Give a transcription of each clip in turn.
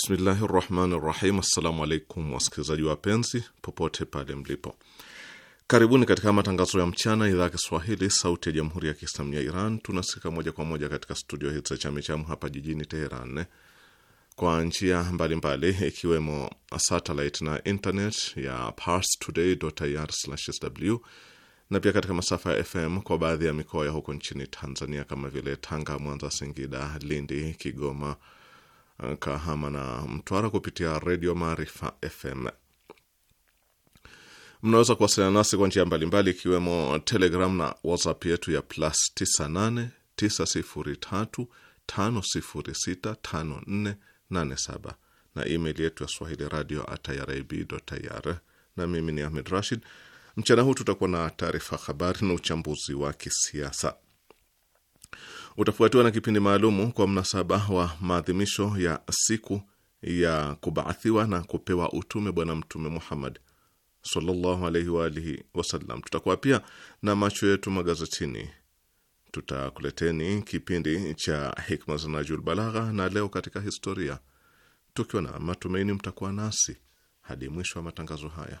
Bismillahi rahmani rahim. Assalamu alaikum wasikilizaji wapenzi, popote pale mlipo, karibuni katika matangazo ya mchana, idhaa ya Kiswahili, sauti ya jamhuri ya kiislamu ya Iran. Tunasikika moja kwa moja katika studio hizi za Chamichamu hapa jijini Teheran kwa njia mbalimbali ikiwemo satellite na internet ya parstoday.ir/sw na pia katika masafa ya FM kwa baadhi ya mikoa ya huko nchini Tanzania kama vile Tanga, Mwanza, Singida, Lindi, Kigoma Eh, Kahama na Mtwara kupitia Redio Maarifa FM. Mnaweza kuwasiliana nasi kwa njia mbalimbali, ikiwemo Telegram na WhatsApp yetu ya plus 98 903 na email yetu ya swahili radio at irib.ir. Na mimi ni Ahmed Rashid. Mchana huu tutakuwa na taarifa habari na uchambuzi wa kisiasa utafuatiwa na kipindi maalumu kwa mnasaba wa maadhimisho ya siku ya kubaathiwa na kupewa utume Bwana Mtume Muhammad sallallahu alaihi wa alihi wasallam. Tutakuwa pia na macho yetu magazetini, tutakuleteni kipindi cha hikma za Najul Balagha na leo katika historia, tukiwa na matumaini mtakuwa nasi hadi mwisho wa matangazo haya.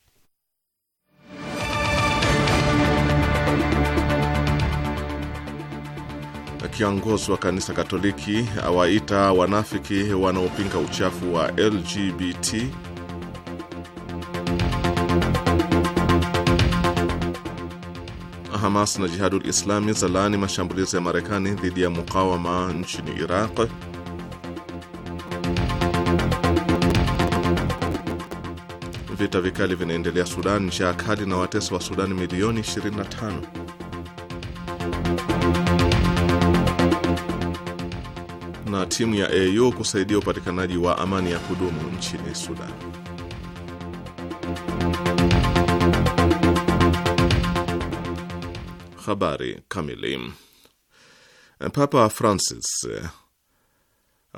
kiongozi wa kanisa Katoliki awaita wanafiki wanaopinga uchafu wa LGBT. Hamas na Jihadul Islami zalaani mashambulizi ya Marekani dhidi ya mukawama nchini Iraq. Vita vikali vinaendelea Sudan, njaa kali na watesi wa Sudani milioni 25. na timu ya AU kusaidia upatikanaji wa amani ya kudumu nchini Sudan. Habari kamili. Papa Francis,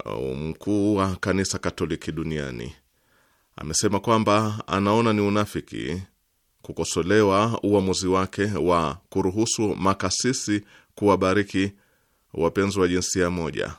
uh, mkuu wa kanisa Katoliki duniani, amesema kwamba anaona ni unafiki kukosolewa uamuzi wake wa kuruhusu makasisi kuwabariki wapenzi wa jinsia moja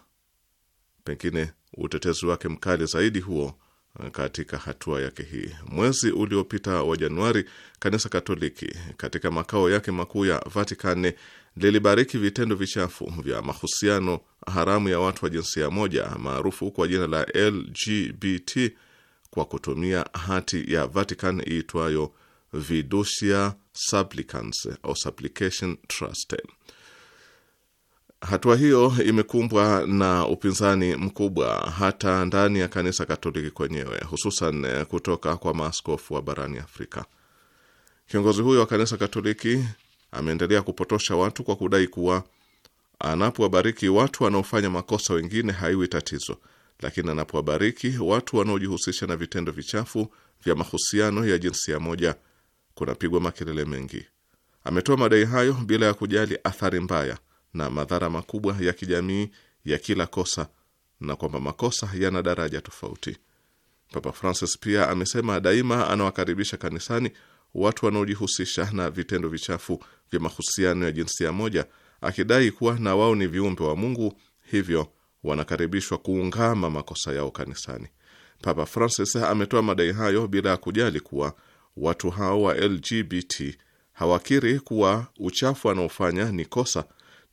pengine utetezi wake mkali zaidi huo eh, katika hatua yake hii. Mwezi uliopita wa Januari, kanisa Katoliki katika makao yake makuu ya Vatikani lilibariki vitendo vichafu vya mahusiano haramu ya watu wa jinsia moja maarufu kwa jina la LGBT kwa kutumia hati ya Vatican iitwayo Vidusia Supplicans au Supplication Trust. Hatua hiyo imekumbwa na upinzani mkubwa hata ndani ya kanisa Katoliki kwenyewe, hususan kutoka kwa maaskofu wa barani Afrika. Kiongozi huyo wa kanisa Katoliki ameendelea kupotosha watu kwa kudai kuwa anapowabariki watu wanaofanya makosa wengine haiwi tatizo, lakini anapowabariki watu wanaojihusisha na vitendo vichafu vya mahusiano ya jinsia moja kunapigwa makelele mengi. Ametoa madai hayo bila ya kujali athari mbaya na madhara makubwa ya kijamii ya kila kosa na kwamba makosa yana daraja tofauti. Papa Francis pia amesema daima anawakaribisha kanisani watu wanaojihusisha na vitendo vichafu vya mahusiano ya jinsia moja, akidai kuwa na wao ni viumbe wa Mungu, hivyo wanakaribishwa kuungama makosa yao kanisani. Papa Francis ametoa madai hayo bila ya kujali kuwa watu hao wa LGBT hawakiri kuwa uchafu wanaofanya ni kosa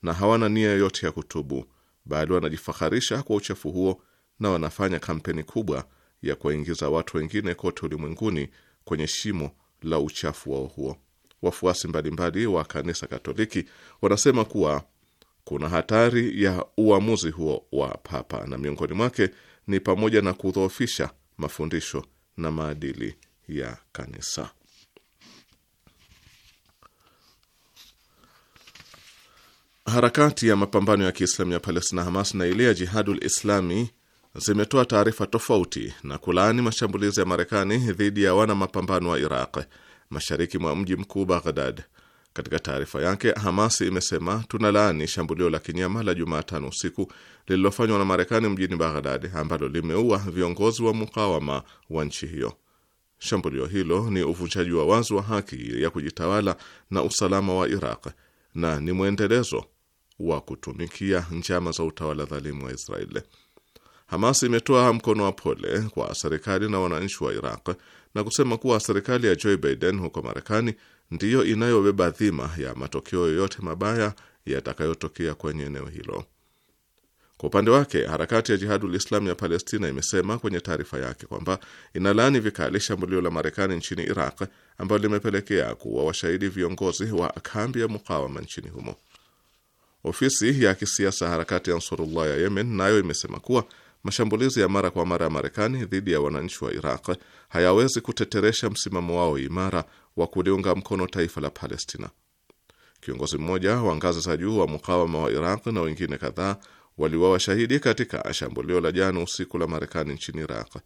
na hawana nia yoyote ya kutubu, bali wanajifaharisha kwa uchafu huo na wanafanya kampeni kubwa ya kuwaingiza watu wengine kote ulimwenguni kwenye shimo la uchafu wao huo. Wafuasi mbalimbali wa kanisa Katoliki wanasema kuwa kuna hatari ya uamuzi huo wa Papa, na miongoni mwake ni pamoja na kudhoofisha mafundisho na maadili ya kanisa. Harakati ya mapambano ya Kiislamu ya Palestina, Hamas, na ile ya Jihadul Islami zimetoa taarifa tofauti na kulaani mashambulizi ya Marekani dhidi ya wana mapambano wa Iraq mashariki mwa mji mkuu Baghdad. Katika taarifa yake, Hamas imesema tunalaani shambulio la kinyama la Jumatano usiku lililofanywa na Marekani mjini Baghdad ambalo limeua viongozi wa mukawama wa nchi hiyo. Shambulio hilo ni uvunjaji wa wazi wa haki ya kujitawala na usalama wa Iraq na ni mwendelezo wa kutumikia njama za utawala dhalimu wa Israeli. Hamas imetoa mkono wa pole kwa serikali na wananchi wa Iraq na kusema kuwa serikali ya Joe Biden huko Marekani ndiyo inayobeba dhima ya matokeo yoyote mabaya yatakayotokea kwenye eneo hilo. Kwa upande wake, harakati ya Jihadul Islam ya Palestina imesema kwenye taarifa yake kwamba inalaani vikali shambulio la Marekani nchini Iraq ambalo limepelekea kuwa washahidi viongozi wa kambi ya mukawama nchini humo. Ofisi ya kisiasa harakati ya Ansarullah ya Yemen nayo imesema kuwa mashambulizi ya mara kwa mara ya Marekani dhidi ya wananchi wa Iraq hayawezi kuteteresha msimamo wao imara wa kuliunga mkono taifa la Palestina. Kiongozi mmoja wa ngazi za juu wa mukawama wa Iraq na wengine kadhaa waliuawa shahidi katika shambulio la jana usiku la Marekani nchini Iraq.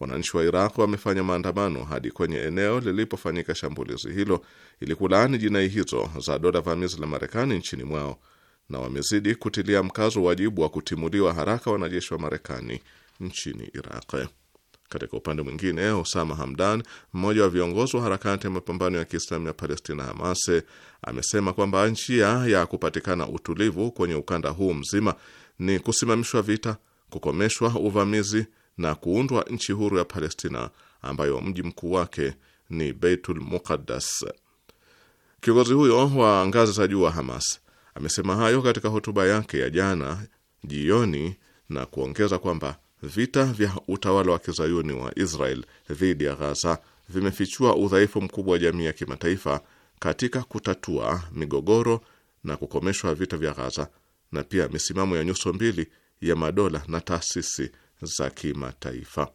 Wananchi wa Iraq wamefanya maandamano hadi kwenye eneo lilipofanyika shambulizi hilo ili kulaani jinai hizo za dola vamizi la Marekani nchini mwao na wamezidi kutilia mkazo wajibu wa kutimuliwa haraka wanajeshi wa Marekani nchini Iraq. Katika upande mwingine, Osama Hamdan, mmoja wa viongozi wa harakati ya mapambano ya Kiislamu ya Palestina, Hamas, amesema kwamba njia ya kupatikana utulivu kwenye ukanda huu mzima ni kusimamishwa vita, kukomeshwa uvamizi na kuundwa nchi huru ya Palestina ambayo mji mkuu wake ni Beitul Muqaddas. Kiongozi huyo wa ngazi za juu wa Hamas Amesema hayo katika hotuba yake ya jana jioni na kuongeza kwamba vita vya utawala wa kizayuni wa Israel dhidi ya Ghaza vimefichua udhaifu mkubwa wa jamii ya kimataifa katika kutatua migogoro na kukomeshwa vita vya Ghaza na pia misimamo ya nyuso mbili ya madola na taasisi za kimataifa.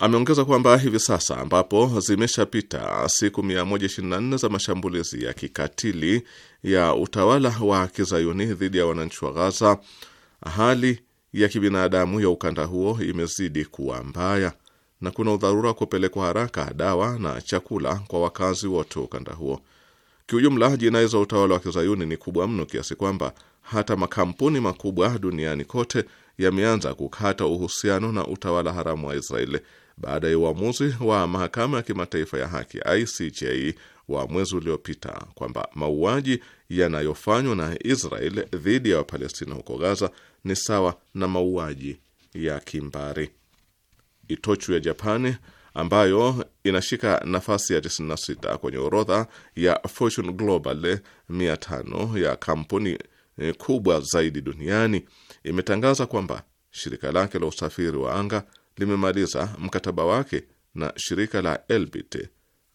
Ameongeza kwamba hivi sasa ambapo zimeshapita siku 124 za mashambulizi ya kikatili ya utawala wa kizayuni dhidi ya wananchi wa Ghaza, hali ya kibinadamu ya ukanda huo imezidi kuwa mbaya na kuna udharura wa kupelekwa haraka dawa na chakula kwa wakazi wote wa ukanda huo. Kiujumla, jinai za utawala wa kizayuni ni kubwa mno kiasi kwamba hata makampuni makubwa duniani kote yameanza kukata uhusiano na utawala haramu wa Israeli baada ya uamuzi wa mahakama ya kimataifa ya haki ICJ wa mwezi uliopita kwamba mauaji yanayofanywa na Israel dhidi ya Wapalestina huko Gaza ni sawa na mauaji ya kimbari. Itochu ya Japani ambayo inashika nafasi ya 96 kwenye orodha ya Fortune Global 500 ya kampuni eh, kubwa zaidi duniani imetangaza kwamba shirika lake la usafiri wa anga limemaliza mkataba wake na shirika la Elbit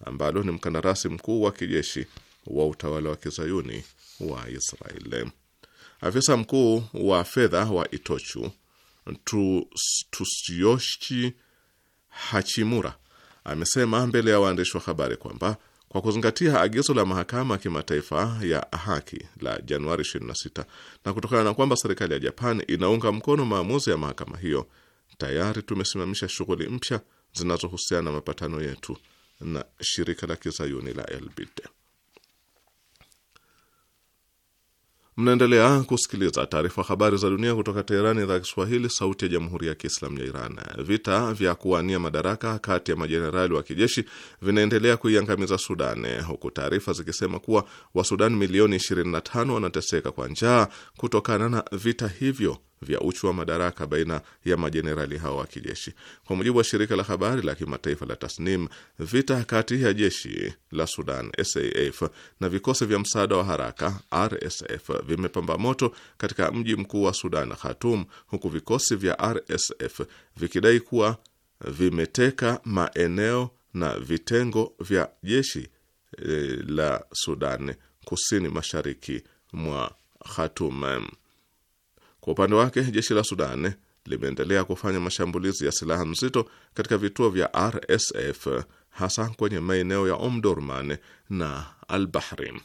ambalo ni mkandarasi mkuu wa kijeshi wa utawala wa kizayuni wa Israel. Afisa mkuu wa fedha wa Itochu Tsuyoshi Hachimura amesema mbele ya waandishi wa habari kwamba kwa kuzingatia agizo la mahakama ya kimataifa ya haki la Januari 26 na kutokana na kwamba serikali ya Japan inaunga mkono maamuzi ya mahakama hiyo tayari tumesimamisha shughuli mpya zinazohusiana na mapatano yetu na shirika la kizayuni la Elbit. Mnaendelea kusikiliza taarifa habari za dunia kutoka Teherani, idhaa ya Kiswahili, sauti ya jamhuri ya kiislamu ya Iran. Vita vya kuwania madaraka kati ya majenerali wa kijeshi vinaendelea kuiangamiza Sudan, huku taarifa zikisema kuwa Wasudan milioni 25 wanateseka kwa njaa kutokana na vita hivyo vya uchu wa madaraka baina ya majenerali hao wa kijeshi. Kwa mujibu wa shirika la habari la kimataifa la Tasnim, vita kati ya jeshi la Sudan SAF na vikosi vya msaada wa haraka RSF vimepamba moto katika mji mkuu wa Sudan, Khartoum, huku vikosi vya RSF vikidai kuwa vimeteka maeneo na vitengo vya jeshi e, la Sudan kusini mashariki mwa Khartoum. Kwa upande wake, jeshi la Sudan limeendelea kufanya mashambulizi ya silaha mzito katika vituo vya RSF hasa kwenye maeneo ya Omdurman na Al-Bahri.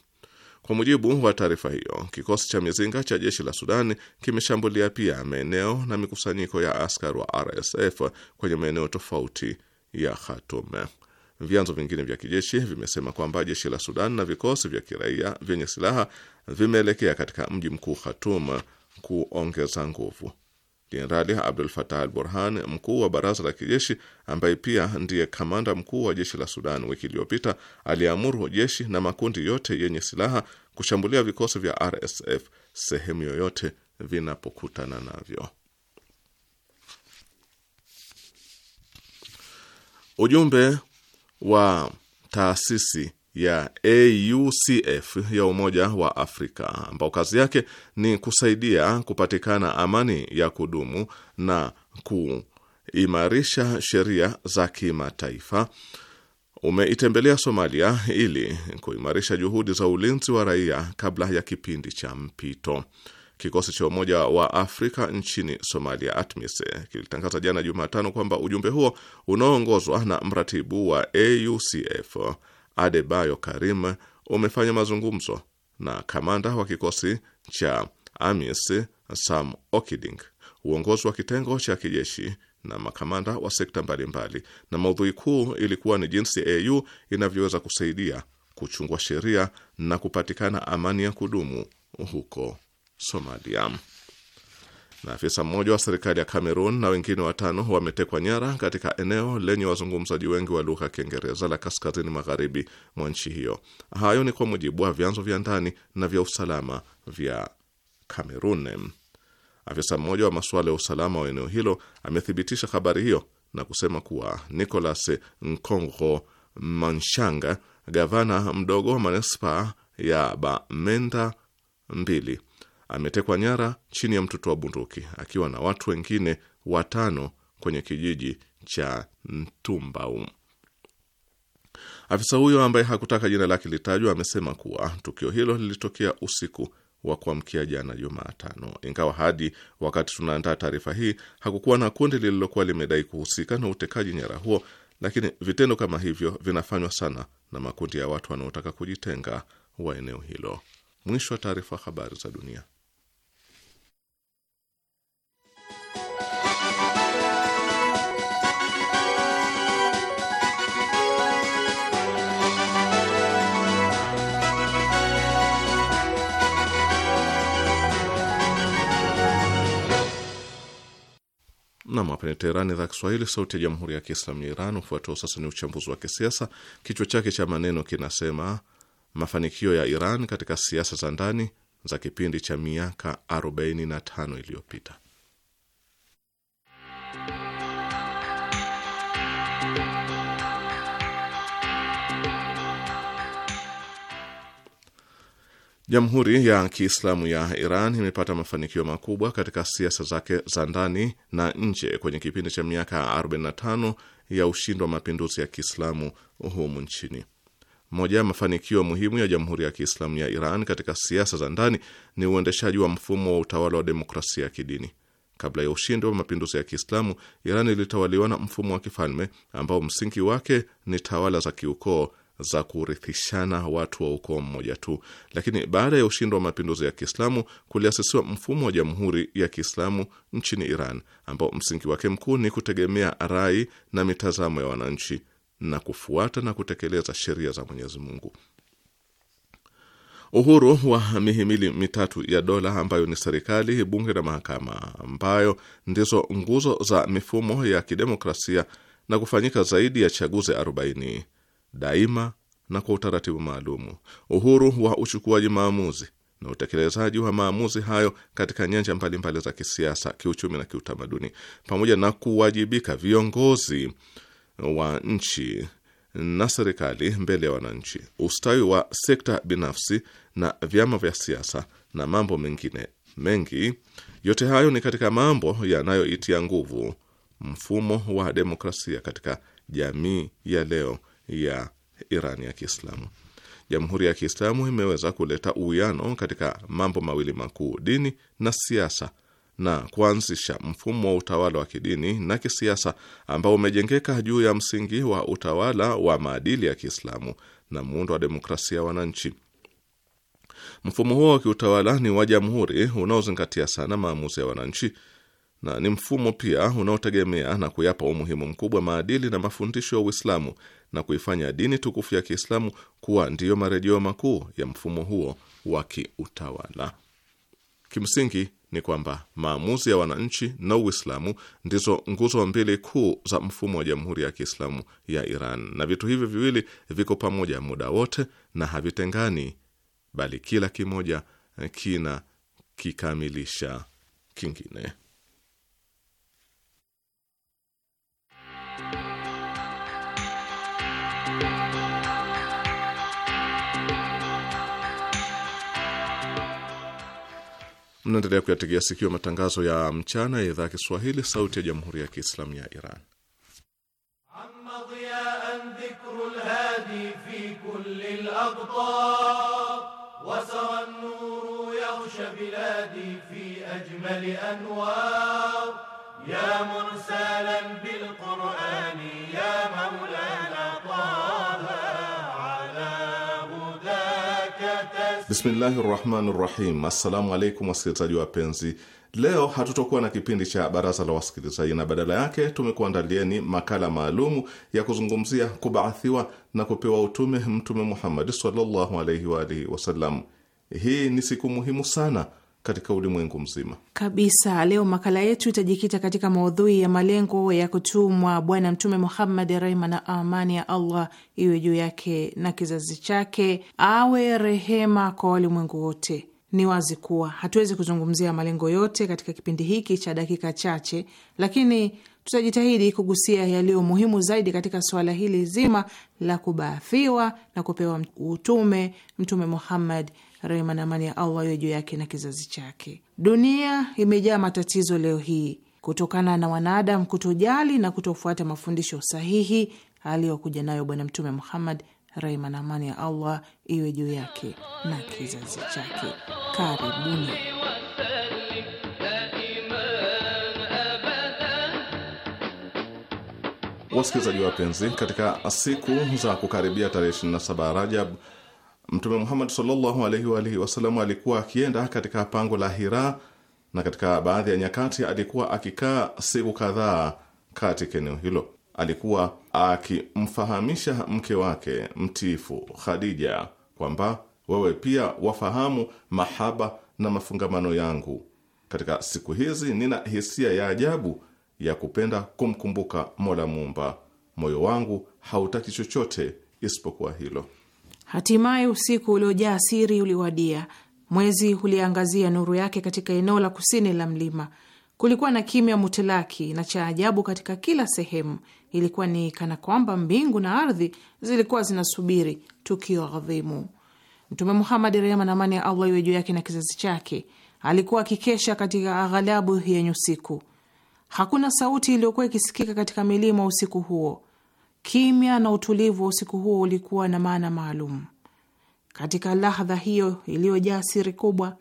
Kwa mujibu wa taarifa hiyo, kikosi cha mizinga cha jeshi la Sudan kimeshambulia pia maeneo na mikusanyiko ya askari wa RSF kwenye maeneo tofauti ya Khartoum. Vyanzo vingine vya kijeshi vimesema kwamba jeshi la Sudan na vikosi vya kiraia vyenye silaha vimeelekea katika mji mkuu Khartoum kuongeza nguvu. Jenerali Abdul Fatah al Burhan, mkuu wa baraza la kijeshi ambaye pia ndiye kamanda mkuu wa jeshi la Sudan, wiki iliyopita aliamuru jeshi na makundi yote yenye silaha kushambulia vikosi vya RSF sehemu yoyote vinapokutana navyo. Ujumbe wa taasisi ya AUCF ya Umoja wa Afrika ambao kazi yake ni kusaidia kupatikana amani ya kudumu na kuimarisha sheria za kimataifa umeitembelea Somalia ili kuimarisha juhudi za ulinzi wa raia kabla ya kipindi cha mpito. Kikosi cha Umoja wa Afrika nchini Somalia, ATMIS, kilitangaza jana Jumatano kwamba ujumbe huo unaoongozwa na mratibu wa AUCF Adebayo Karim umefanya mazungumzo na kamanda wa kikosi cha AMIS Sam Okiding, uongozi wa kitengo cha kijeshi na makamanda wa sekta mbalimbali, na maudhui kuu ilikuwa ni jinsi AU inavyoweza kusaidia kuchungwa sheria na kupatikana amani ya kudumu huko Somalia na afisa mmoja wa serikali ya cameron na wengine watano wametekwa nyara katika eneo lenye wazungumzaji wengi wa lugha ya Kiingereza la kaskazini magharibi mwa nchi hiyo. Hayo ni kwa mujibu wa vyanzo vya ndani na vya usalama vya Kamerun. Afisa mmoja wa masuala ya usalama wa eneo hilo amethibitisha habari hiyo na kusema kuwa Nicolas Nkongo Manshanga, gavana mdogo wa manispaa ya Bamenda mbili ametekwa nyara chini ya mtoto wa bunduki akiwa na watu wengine watano kwenye kijiji cha Ntumbau. Afisa huyo ambaye hakutaka jina lake litajwa amesema kuwa tukio hilo lilitokea usiku wa kuamkia jana Jumatano, ingawa hadi wakati tunaandaa taarifa hii hakukuwa na kundi lililokuwa limedai kuhusika na utekaji nyara huo, lakini vitendo kama hivyo vinafanywa sana na makundi ya watu wanaotaka kujitenga wa eneo hilo. Mwisho wa taarifa. Habari za dunia. Nam hapa ni Teherani, idhaa Kiswahili, sauti ya jamhuri ya kiislamu ya Iran. Ufuatao sasa ni uchambuzi wa kisiasa, kichwa chake cha maneno kinasema mafanikio ya Iran katika siasa za ndani za kipindi cha miaka 45 iliyopita. Jamhuri ya Kiislamu ya Iran imepata mafanikio makubwa katika siasa zake za ndani na nje kwenye kipindi cha miaka 45 ya ushindi wa mapinduzi ya Kiislamu humu nchini. Moja ya mafanikio muhimu ya Jamhuri ya Kiislamu ya Iran katika siasa za ndani ni uendeshaji wa mfumo wa utawala wa demokrasia ya kidini. Kabla ya ushindi wa mapinduzi ya Kiislamu, Iran ilitawaliwa na mfumo wa kifalme ambao msingi wake ni tawala za kiukoo za kurithishana watu wa ukoo mmoja tu, lakini baada ya ushindi wa mapinduzi ya Kiislamu kuliasisiwa mfumo wa jamhuri ya Kiislamu nchini Iran ambao msingi wake mkuu ni kutegemea rai na mitazamo ya wananchi na kufuata na kutekeleza sheria za Mwenyezi Mungu. Uhuru wa mihimili mitatu ya dola ambayo ni serikali, bunge na mahakama, ambayo ndizo nguzo za mifumo ya kidemokrasia na kufanyika zaidi ya chaguzi 40 daima na kwa utaratibu maalumu, uhuru wa uchukuaji maamuzi na utekelezaji wa maamuzi hayo katika nyanja mbalimbali za kisiasa, kiuchumi na kiutamaduni, pamoja na kuwajibika viongozi wa nchi na serikali mbele ya wananchi, ustawi wa sekta binafsi na vyama vya siasa na mambo mengine mengi. Yote hayo ni katika mambo yanayoitia nguvu mfumo wa demokrasia katika jamii ya leo ya Iran ya Kiislamu. Jamhuri ya Kiislamu imeweza kuleta uwiano katika mambo mawili makuu, dini na siasa, na kuanzisha mfumo wa utawala wa kidini na kisiasa ambao umejengeka juu ya msingi wa utawala wa maadili ya Kiislamu na muundo wa demokrasia ya wananchi. Mfumo huo wa kiutawala ni wa jamhuri unaozingatia sana maamuzi ya wananchi na ni mfumo pia unaotegemea na kuyapa umuhimu mkubwa maadili na mafundisho ya Uislamu na kuifanya dini tukufu ya Kiislamu kuwa ndiyo marejeo makuu ya mfumo huo wa kiutawala. Kimsingi ni kwamba maamuzi ya wananchi na Uislamu ndizo nguzo mbili kuu za mfumo wa Jamhuri ya Kiislamu ya Iran, na vitu hivyo viwili viko pamoja muda wote na havitengani, bali kila kimoja kina kikamilisha kingine. Mnaendelea kuyategea sikio matangazo ya mchana ya idhaa ya Kiswahili, sauti ya jamhuri ya kiislamu ya Iran. Bismillahi rahmani rahim. Assalamu alaikum wasikilizaji wapenzi, leo hatutokuwa na kipindi cha baraza la wasikilizaji, na badala yake tumekuandalieni makala maalumu ya kuzungumzia kubaathiwa na kupewa utume Mtume muhammadi sallallahu alaihi wasallam. Hii ni siku muhimu sana katika ulimwengu mzima kabisa. Leo makala yetu itajikita katika maudhui ya malengo ya kutumwa Bwana Mtume Muhammad, rehma na amani ya Allah iwe juu yake na kizazi chake, awe rehema kwa walimwengu wote. Ni wazi kuwa hatuwezi kuzungumzia malengo yote katika kipindi hiki cha dakika chache, lakini tutajitahidi kugusia yaliyo muhimu zaidi katika suala hili zima la kubaathiwa na kupewa utume Mtume Muhammad rehema na amani ya Allah iwe juu yake na kizazi chake. Dunia imejaa matatizo leo hii kutokana na wanadamu kutojali na kutofuata mafundisho sahihi aliyokuja nayo Bwana Mtume Muhammad, rehema na amani ya Allah iwe juu yake na kizazi chake. Karibuni. Wasikilizaji wapenzi, katika siku za kukaribia tarehe 27 Rajab Mtume Muhammad sallallahu alaihi wa alihi wasallam alikuwa akienda katika pango la Hira na katika baadhi ya nyakati alikuwa akikaa siku kadhaa katika eneo hilo. Alikuwa akimfahamisha mke wake mtiifu Khadija kwamba wewe pia wafahamu mahaba na mafungamano yangu. Katika siku hizi nina hisia ya ajabu ya kupenda kumkumbuka Mola Muumba, moyo wangu hautaki chochote isipokuwa hilo. Hatimaye usiku uliojaa siri uliwadia. Mwezi uliangazia nuru yake katika eneo la kusini la mlima. Kulikuwa na kimya mutilaki na cha ajabu katika kila sehemu. Ilikuwa ni kana kwamba mbingu na ardhi zilikuwa zinasubiri tukio adhimu. Mtume Muhammad, rehma na amani ya Allah iwe juu yake na kizazi chake, alikuwa akikesha katika aghalabu yenye usiku. Hakuna sauti iliyokuwa ikisikika katika milima usiku huo. Kimya na utulivu wa usiku huo ulikuwa na maana maalum. Katika lahdha hiyo iliyojaa siri kubwa,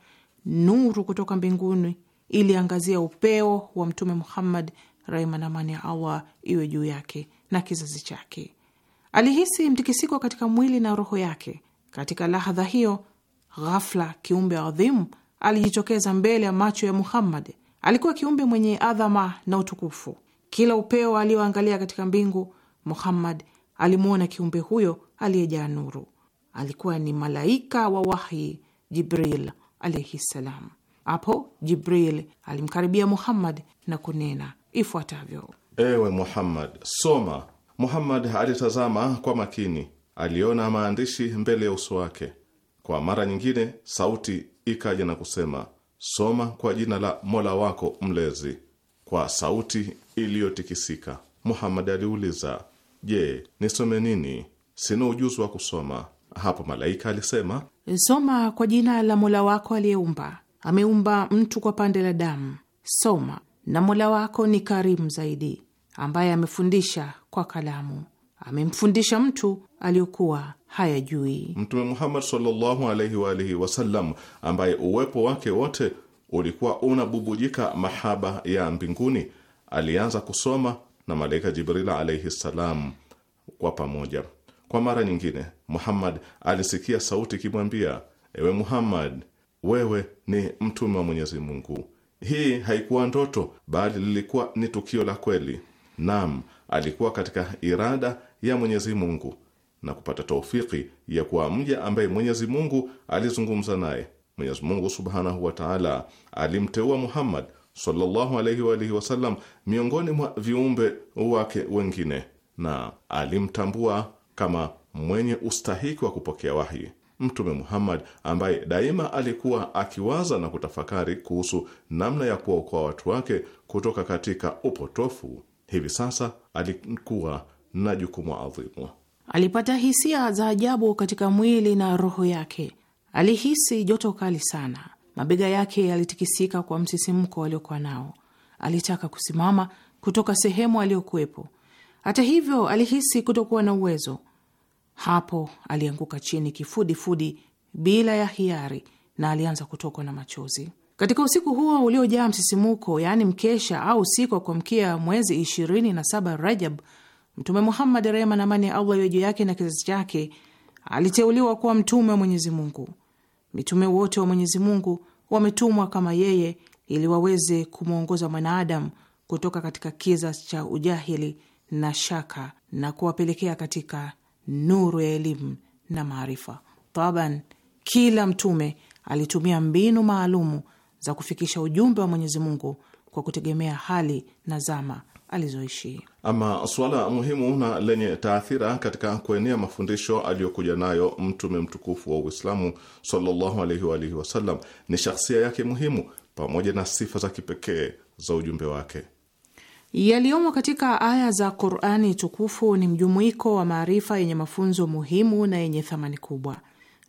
nuru kutoka mbinguni iliangazia upeo wa Mtume Muhammad, rehma na amani ya Allah iwe juu yake na kizazi chake. Alihisi mtikisiko katika mwili na roho yake. Katika lahdha hiyo, ghafla kiumbe adhimu alijitokeza mbele ya macho ya Muhammad. Alikuwa kiumbe mwenye adhama na utukufu. Kila upeo alioangalia katika mbingu Muhammad alimwona kiumbe huyo aliyejaa nuru. Alikuwa ni malaika wa wahyi Jibril alaihi ssalam. Hapo Jibril alimkaribia Muhammad na kunena ifuatavyo: ewe Muhammad, soma. Muhammad alitazama kwa makini, aliona maandishi mbele ya uso wake. Kwa mara nyingine sauti ikaja na kusema, soma kwa jina la mola wako mlezi, kwa sauti iliyotikisika. Muhammad aliuliza Je, nisome nini? Sina ujuzi wa kusoma. Hapo malaika alisema, soma kwa jina la mola wako aliyeumba. Ameumba mtu kwa pande la damu. Soma, na mola wako ni karimu zaidi, ambaye amefundisha kwa kalamu. Amemfundisha mtu aliyokuwa hayajui. Mtume Muhammad sallallahu alaihi wa alihi wasallam, ambaye uwepo wake wote ulikuwa unabubujika mahaba ya mbinguni, alianza kusoma na malaika Jibril alaihi ssalam kwa pamoja. Kwa mara nyingine, Muhammad alisikia sauti ikimwambia, ewe Muhammad, wewe ni mtume wa Mwenyezi Mungu. Hii haikuwa ndoto, bali lilikuwa ni tukio la kweli. Naam, alikuwa katika irada ya Mwenyezi Mungu na kupata taufiki ya kuwa mja ambaye Mwenyezi Mungu alizungumza naye. Mwenyezi Mungu subhanahu wa taala alimteua Muhammad sallallahu alaihi wa alihi wasallam miongoni mwa viumbe wake wengine, na alimtambua kama mwenye ustahiki wa kupokea wahi. Mtume Muhammad ambaye daima alikuwa akiwaza na kutafakari kuhusu namna ya kuwaokoa watu wake kutoka katika upotofu, hivi sasa alikuwa na jukumu adhimu. Alipata hisia za ajabu katika mwili na roho yake. Alihisi joto kali sana Mabega yake yalitikisika kwa msisimko aliokuwa nao. Alitaka kusimama kutoka sehemu aliyokuwepo. Hata hivyo, alihisi kutokuwa na uwezo. Hapo alianguka chini kifudifudi bila ya hiari na alianza kutokwa na machozi. Katika usiku huo uliojaa msisimuko, yaani mkesha au usiku wa kuamkia mwezi 27 Rajab, Mtume Muhammad, rehma na amani ya Allah juu yake na kizazi chake, aliteuliwa kuwa mtume wa Mwenyezi Mungu. Mitume wote wa Mwenyezi Mungu wametumwa kama yeye ili waweze kumwongoza mwanadamu kutoka katika kiza cha ujahili na shaka na kuwapelekea katika nuru ya elimu na maarifa. Taban, kila mtume alitumia mbinu maalumu za kufikisha ujumbe wa Mwenyezi Mungu kwa kutegemea hali na zama alizoishi. Ama suala muhimu na lenye taathira katika kuenea mafundisho aliyokuja nayo Mtume mtukufu wa Uislamu sallallahu alaihi wa alihi wasallam ni shakhsia yake muhimu pamoja na sifa za kipekee za ujumbe wake. Yaliyomo katika aya za Qurani tukufu ni mjumuiko wa maarifa yenye mafunzo muhimu na yenye thamani kubwa.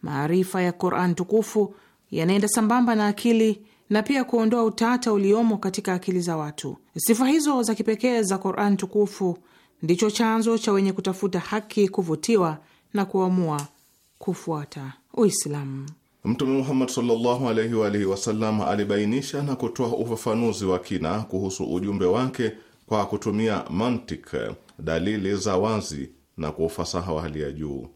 Maarifa ya Qurani tukufu yanaenda sambamba na akili na pia kuondoa utata uliomo katika akili za watu. Sifa hizo za kipekee za Quran tukufu ndicho chanzo cha wenye kutafuta haki kuvutiwa na kuamua kufuata Uislamu. Mtume Muhammad sallallahu alaihi wa alihi wasallam alibainisha na kutoa ufafanuzi wa kina kuhusu ujumbe wake kwa kutumia mantik, dalili za wazi na kwa ufasaha wa hali ya juu.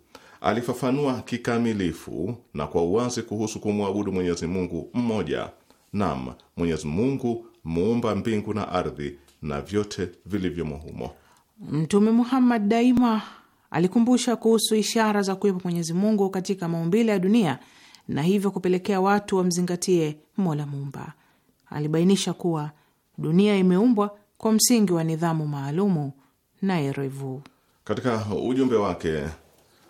Alifafanua kikamilifu na kwa uwazi kuhusu kumwabudu Mwenyezi Mungu mmoja Naam, Mwenyezi Mungu muumba mbingu na ardhi na vyote vilivyomo humo. Mtume Muhammad daima alikumbusha kuhusu ishara za kuwepo Mwenyezi Mungu katika maumbile ya dunia na hivyo kupelekea watu wamzingatie Mola Muumba. Alibainisha kuwa dunia imeumbwa kwa msingi wa nidhamu maalumu na erevu. Katika ujumbe wake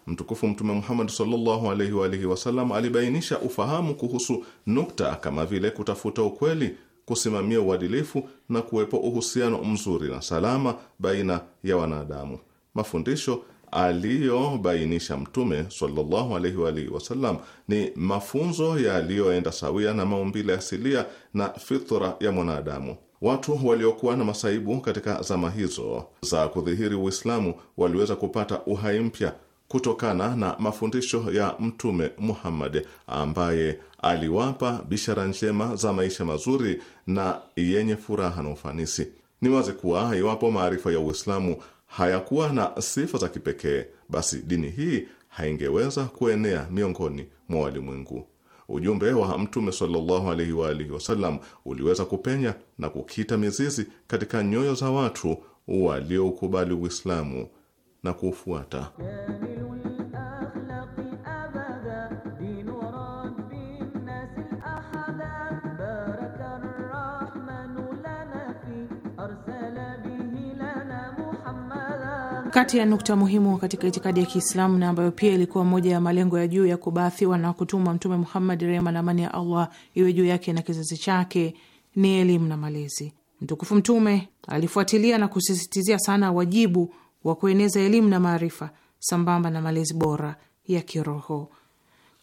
Mtukufu Mtume Muhammad sallallahu alaihi wa alihi wasallam alibainisha ufahamu kuhusu nukta kama vile kutafuta ukweli, kusimamia uadilifu na kuwepo uhusiano mzuri na salama baina ya wanadamu. Mafundisho aliyobainisha Mtume sallallahu alaihi wa alihi wasallam ni mafunzo yaliyoenda sawia na maumbile asilia na fitra ya mwanadamu. Watu waliokuwa na masaibu katika zama hizo za kudhihiri Uislamu waliweza kupata uhai mpya kutokana na mafundisho ya Mtume Muhammad ambaye aliwapa bishara njema za maisha mazuri na yenye furaha na ufanisi. Ni wazi kuwa iwapo maarifa ya Uislamu hayakuwa na sifa za kipekee, basi dini hii haingeweza kuenea miongoni mwa walimwengu. Ujumbe wa Mtume sallallahu alaihi wa alihi wasallam uliweza kupenya na kukita mizizi katika nyoyo za watu walioukubali Uislamu na kuufuata. Kati ya nukta muhimu katika itikadi ya Kiislamu na ambayo pia ilikuwa moja ya malengo ya juu ya kubaathiwa na kutumwa Mtume Muhammad, rehma na amani ya Allah iwe juu yake na kizazi chake, ni elimu na malezi. Mtukufu Mtume alifuatilia na kusisitizia sana wajibu wa kueneza elimu na maarifa sambamba na malezi bora ya kiroho.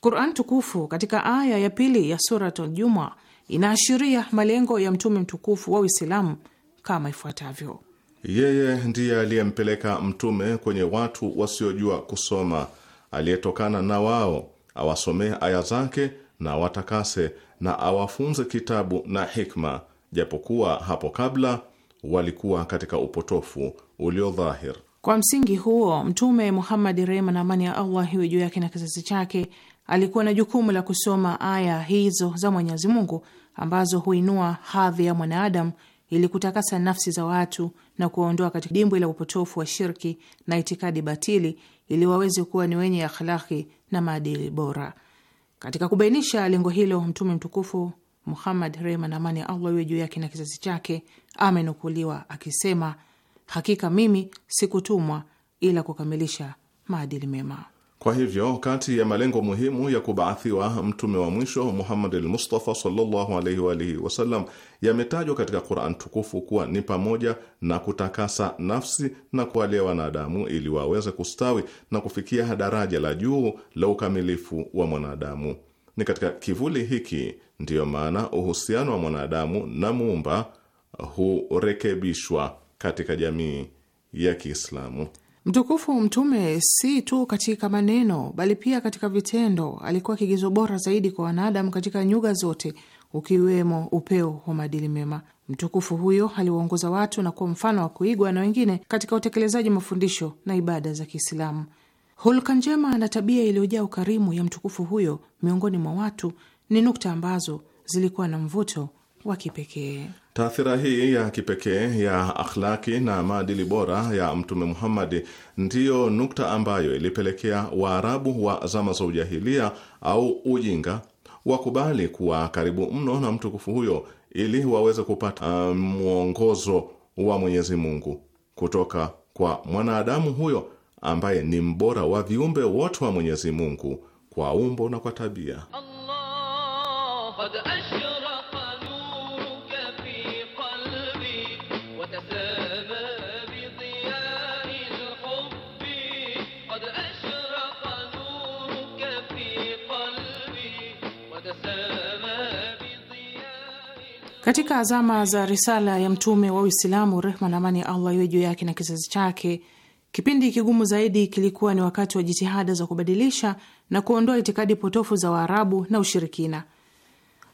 Quran tukufu katika aya ya pili ya Surat Juma inaashiria malengo ya mtume mtukufu wa Uislamu kama ifuatavyo: yeye ndiye aliyempeleka mtume kwenye watu wasiojua kusoma, aliyetokana na wao, awasomee aya zake na watakase na awafunze kitabu na hikma, japokuwa hapo kabla walikuwa katika upotofu uliodhahir. Kwa msingi huo Mtume Muhammad, rehma na amani ya Allah iwe juu yake na kizazi chake, alikuwa na jukumu la kusoma aya hizo za Mwenyezi Mungu ambazo huinua hadhi ya mwanaadam ili kutakasa nafsi za watu na kuwaondoa katika dimbwi la upotofu wa shirki na itikadi batili ili waweze kuwa ni wenye akhlaki na maadili bora. Katika kubainisha lengo hilo, Mtume mtukufu Muhammad, rehma na amani ya Allah iwe juu yake na kizazi chake, amenukuliwa akisema Hakika mimi sikutumwa ila kukamilisha maadili mema. Kwa hivyo kati ya malengo muhimu ya kubaathiwa mtume wa mwisho Muhammad al-Mustafa sallallahu wa alihi wasallam yametajwa katika Quran tukufu kuwa ni pamoja na kutakasa nafsi na kuwalea wanadamu ili waweze kustawi na kufikia daraja la juu la ukamilifu wa mwanadamu. Ni katika kivuli hiki ndiyo maana uhusiano wa mwanadamu na muumba hurekebishwa katika jamii ya Kiislamu. Mtukufu Mtume si tu katika maneno bali pia katika vitendo alikuwa kigezo bora zaidi kwa wanadamu katika nyuga zote, ukiwemo upeo wa maadili mema. Mtukufu huyo aliwaongoza watu na kuwa mfano wa kuigwa na wengine katika utekelezaji mafundisho na ibada za Kiislamu. Hulka njema na tabia iliyojaa ukarimu ya mtukufu huyo miongoni mwa watu ni nukta ambazo zilikuwa na mvuto wa kipekee. Taathira hii ya kipekee ya akhlaki na maadili bora ya Mtume Muhammadi ndiyo nukta ambayo ilipelekea Waarabu wa zama za ujahilia au ujinga wakubali kuwa karibu mno na mtukufu huyo ili waweze kupata uh, mwongozo wa Mwenyezi Mungu kutoka kwa mwanadamu huyo ambaye ni mbora wa viumbe wote wa Mwenyezi Mungu kwa umbo na kwa tabia Allah, Katika azama za risala ya mtume wa Uislamu, rehma na amani ya Allah iwe juu yake na kizazi chake, kipindi kigumu zaidi kilikuwa ni wakati wa jitihada za kubadilisha na kuondoa itikadi potofu za Waarabu na ushirikina.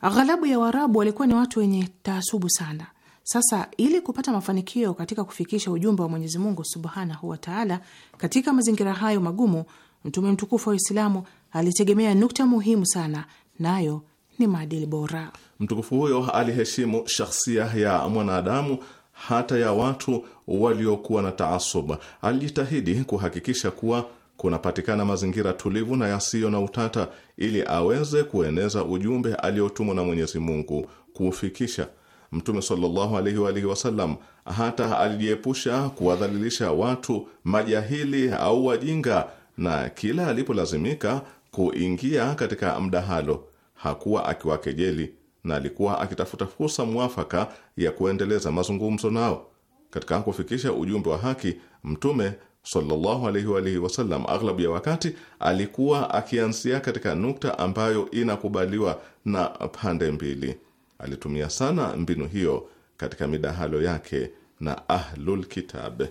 Aghalabu ya Waarabu walikuwa ni watu wenye taasubu sana. Sasa ili kupata mafanikio katika kufikisha ujumbe wa Mwenyezi Mungu subhanahu wataala katika mazingira hayo magumu, mtume mtukufu wa Uislamu alitegemea nukta muhimu sana, nayo ni maadili bora. Mtukufu huyo aliheshimu shakhsia ya mwanadamu hata ya watu waliokuwa na taasuba. Alijitahidi kuhakikisha kuwa kunapatikana mazingira tulivu na yasiyo na utata, ili aweze kueneza ujumbe aliotumwa na Mwenyezi Mungu kuufikisha. Mtume sallallahu alaihi wa alihi wasallam hata alijiepusha kuwadhalilisha watu majahili au wajinga, na kila alipolazimika kuingia katika mdahalo hakuwa akiwakejeli na alikuwa akitafuta fursa mwafaka ya kuendeleza mazungumzo nao. Katika kufikisha ujumbe wa haki, Mtume sallallahu alaihi wa alihi wasallam aghlabu ya wakati alikuwa akianzia katika nukta ambayo inakubaliwa na pande mbili. Alitumia sana mbinu hiyo katika midahalo yake na ahlul kitab.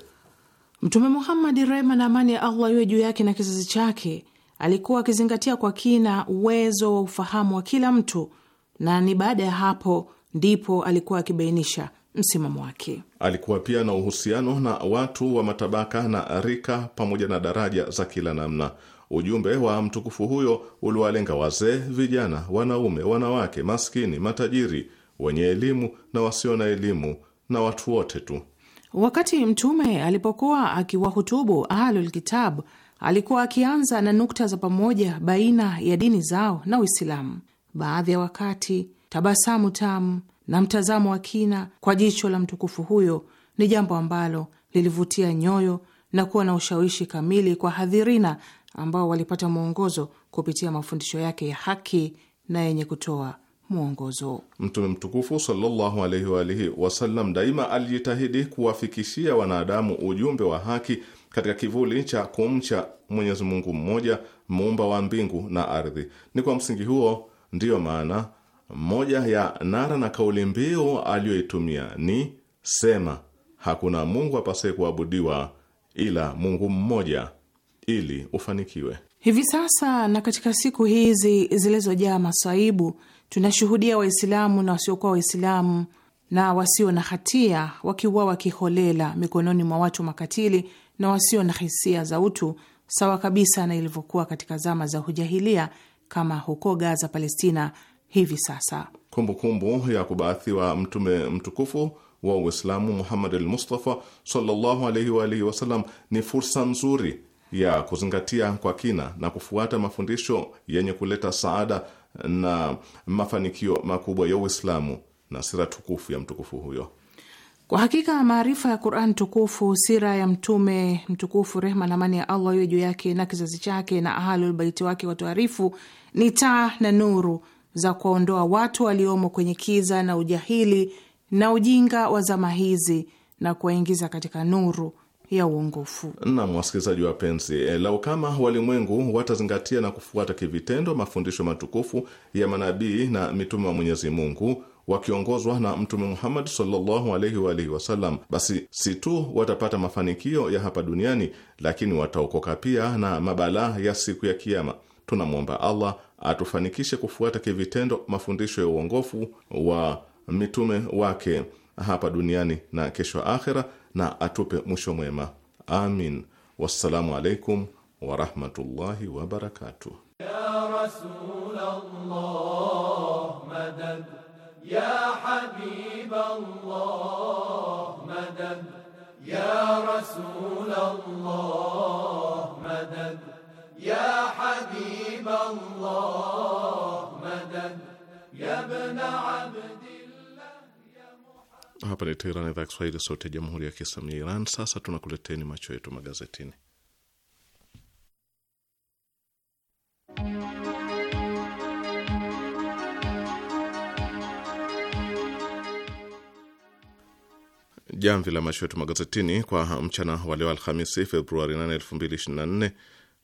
Mtume Muhammad, rehma na amani ya Allah iwe juu yake na kizazi chake, alikuwa akizingatia kwa kina uwezo wa ufahamu wa kila mtu na ni baada ya hapo ndipo alikuwa akibainisha msimamo wake. Alikuwa pia na uhusiano na watu wa matabaka na rika pamoja na daraja za kila namna. Ujumbe wa mtukufu huyo uliwalenga wazee, vijana, wanaume, wanawake, maskini, matajiri, wenye elimu na wasio na elimu, na watu wote tu. Wakati Mtume alipokuwa akiwahutubu Ahlul Kitab, alikuwa akianza na nukta za pamoja baina ya dini zao na Uislamu baadhi ya wakati tabasamu tamu na mtazamo wa kina kwa jicho la mtukufu huyo ni jambo ambalo lilivutia nyoyo na kuwa na ushawishi kamili kwa hadhirina ambao walipata mwongozo kupitia mafundisho yake ya haki na yenye kutoa mwongozo. Mtume mtukufu sallallahu alaihi wa alihi wasallam daima alijitahidi kuwafikishia wanadamu ujumbe wa haki katika kivuli cha kumcha Mwenyezi Mungu mmoja muumba wa mbingu na ardhi. Ni kwa msingi huo Ndiyo maana moja ya nara na kauli mbiu aliyoitumia ni sema, hakuna Mungu apasaye kuabudiwa ila Mungu mmoja, ili ufanikiwe. Hivi sasa na katika siku hizi zilizojaa masaibu, tunashuhudia Waislamu na wasiokuwa Waislamu na wasio na hatia wakiuawa kiholela mikononi mwa watu makatili na wasio na hisia za utu, sawa kabisa na ilivyokuwa katika zama za hujahilia kama huko Gaza, Palestina hivi sasa. Kumbukumbu kumbu ya kubaathiwa Mtume mtukufu wa Uislamu Muhammad al Mustafa sallallahu alaihi wa alihi wasallam ni fursa nzuri ya kuzingatia kwa kina na kufuata mafundisho yenye kuleta saada na mafanikio makubwa ya Uislamu na sira tukufu ya mtukufu huyo. Kwa hakika maarifa ya Quran tukufu, sira ya mtume mtukufu, rehma na amani ya Allah iwe juu yake na kizazi chake na ahlulbaiti wake watoarifu, ni taa na nuru za kuwaondoa watu waliomo kwenye kiza na ujahili na ujinga wa zama hizi na kuwaingiza katika nuru ya uongofu. Nam, wasikilizaji wapenzi, eh, lau kama walimwengu watazingatia na kufuata kivitendo mafundisho matukufu ya manabii na mitume wa Mwenyezi Mungu wakiongozwa na Mtume Muhammad sallallahu alaihi wa alihi wasallam, basi si tu watapata mafanikio ya hapa duniani, lakini wataokoka pia na mabalaa ya siku ya kiama Tunamwomba Allah atufanikishe kufuata kivitendo mafundisho ya uongofu wa mitume wake hapa duniani na kesho akhera, na atupe mwisho mwema. Amin. Wassalamu alaikum warahmatullahi wabarakatuh ya madad ya habib Allah madad ya rasul Allah madad ya habib Allah madad ya ibn abdillah Hapa ni Teherani, idhaa ya Kiswahili, sauti ya jamhuri ya kiislamu ya Iran. Sasa tunakuleteni macho yetu magazetini. jamvi la macho yetu magazetini kwa mchana wa leo Alhamisi, Februari 8, 2024.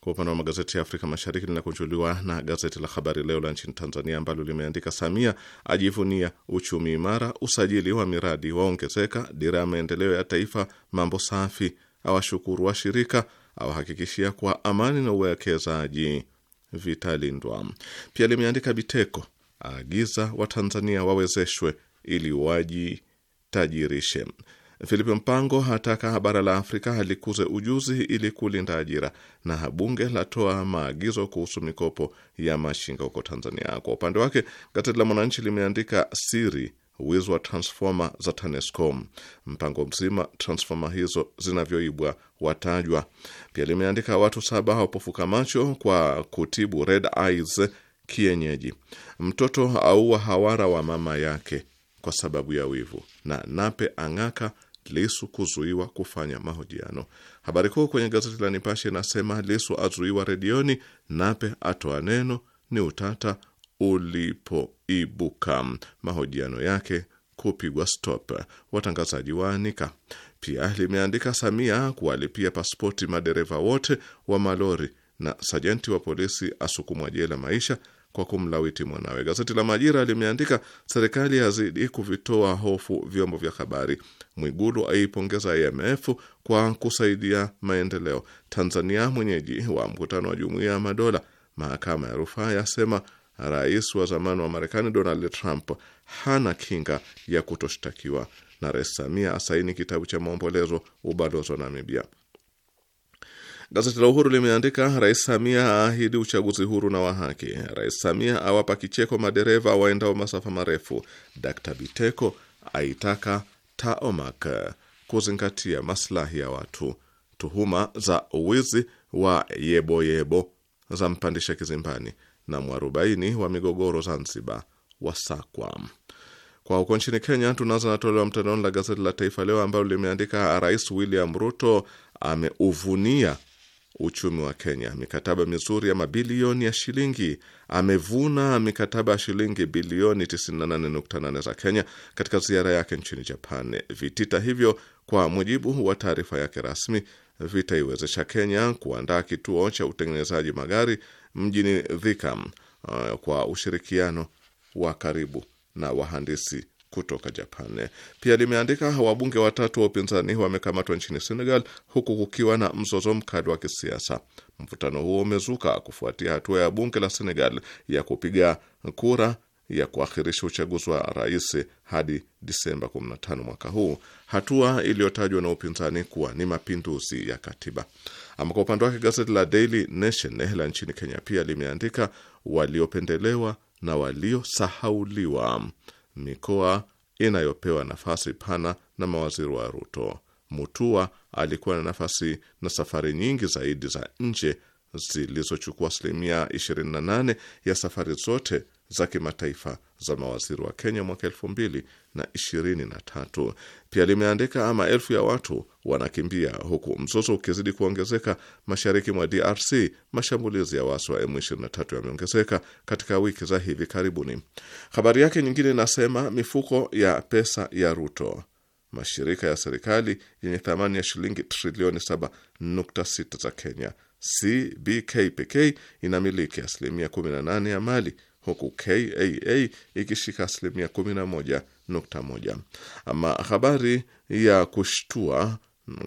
Kwa upande wa magazeti ya Afrika Mashariki, linakunjuliwa na gazeti la Habari Leo la nchini Tanzania, ambalo limeandika Samia ajivunia uchumi imara, usajili wa miradi waongezeka, dira ya maendeleo ya taifa mambo safi, awashukuru washirika, awahakikishia kwa amani na uwekezaji vitalindwa. Pia limeandika Biteko aagiza Watanzania wawezeshwe ili waji tajirishe Philip Mpango hataka bara la Afrika halikuze ujuzi ili kulinda ajira, na bunge latoa maagizo kuhusu mikopo ya mashinga huko Tanzania. Kwa upande wake, gazeti la Mwananchi limeandika siri wizi wa transfoma za TANESCOM, mpango mzima transfoma hizo zinavyoibwa watajwa. Pia limeandika watu saba wapofuka macho kwa kutibu red eyes kienyeji, mtoto aua hawara wa mama yake kwa sababu ya wivu, na Nape ang'aka Lisu kuzuiwa kufanya mahojiano. Habari kuu kwenye gazeti la Nipashe inasema Lisu azuiwa redioni, Nape atoa neno, ni utata ulipoibuka, mahojiano yake kupigwa stop, watangazaji waanika. Pia limeandika Samia kuwalipia pasipoti madereva wote wa malori na sajenti wa polisi asukumwa jela maisha kwa kumlawiti mwanawe. Gazeti la Majira limeandika serikali yazidi kuvitoa hofu vyombo vya habari Mwigulu aipongeza IMF kwa kusaidia maendeleo. Tanzania mwenyeji wa mkutano wa jumuiya ya madola. Mahakama ya rufaa yasema rais wa zamani wa Marekani Donald Trump hana kinga ya kutoshtakiwa, na Rais Samia asaini kitabu cha maombolezo ubalozi wa Namibia. Gazeti la Uhuru limeandika Rais Samia aahidi uchaguzi huru na wa haki. Rais Samia awapa kicheko madereva waendao masafa marefu. Dkt Biteko aitaka Taomak kuzingatia maslahi ya watu. Tuhuma za wizi wa yeboyebo yebo za mpandisha kizimbani na mwarobaini wa migogoro Zanzibar wasakwa. Kwa huko nchini Kenya, tunaanza na toleo mtandaoni la gazeti la Taifa Leo ambalo limeandika Rais William Ruto ameuvunia uchumi wa Kenya mikataba mizuri ya mabilioni ya shilingi. Amevuna mikataba ya shilingi bilioni 98.8 za Kenya katika ziara yake nchini Japan. Vitita hivyo, kwa mujibu wa taarifa yake rasmi, vitaiwezesha Kenya kuandaa kituo cha utengenezaji magari mjini Thika, uh, kwa ushirikiano wa karibu na wahandisi kutoka Japan. Pia limeandika wabunge watatu wa upinzani wamekamatwa nchini Senegal huku kukiwa na mzozo mkali wa kisiasa. Mvutano huo umezuka kufuatia hatua ya bunge la Senegal ya kupiga kura ya kuakhirisha uchaguzi wa rais hadi Disemba 15 mwaka huu, hatua iliyotajwa na upinzani kuwa ni mapinduzi ya katiba. Ama kwa upande wake gazeti la Daily Nation la nchini Kenya pia limeandika waliopendelewa na waliosahauliwa mikoa inayopewa nafasi pana na mawaziri wa Ruto. Mutua alikuwa na nafasi na safari nyingi zaidi za nje zilizochukua asilimia 28 ya safari zote za kimataifa za mawaziri wa Kenya mwaka elfu mbili na ishirini na tatu. Pia limeandika ama elfu ya watu wanakimbia huku mzozo ukizidi kuongezeka mashariki mwa DRC. Mashambulizi ya waasi wa M23 yameongezeka katika wiki za hivi karibuni. Habari yake nyingine inasema mifuko ya pesa ya Ruto mashirika ya serikali yenye thamani ya shilingi trilioni 7.6 za Kenya. CBK pekee inamiliki asilimia 18 ya mali huku kaa ikishika asilimia 11.1. Ama habari ya kushtua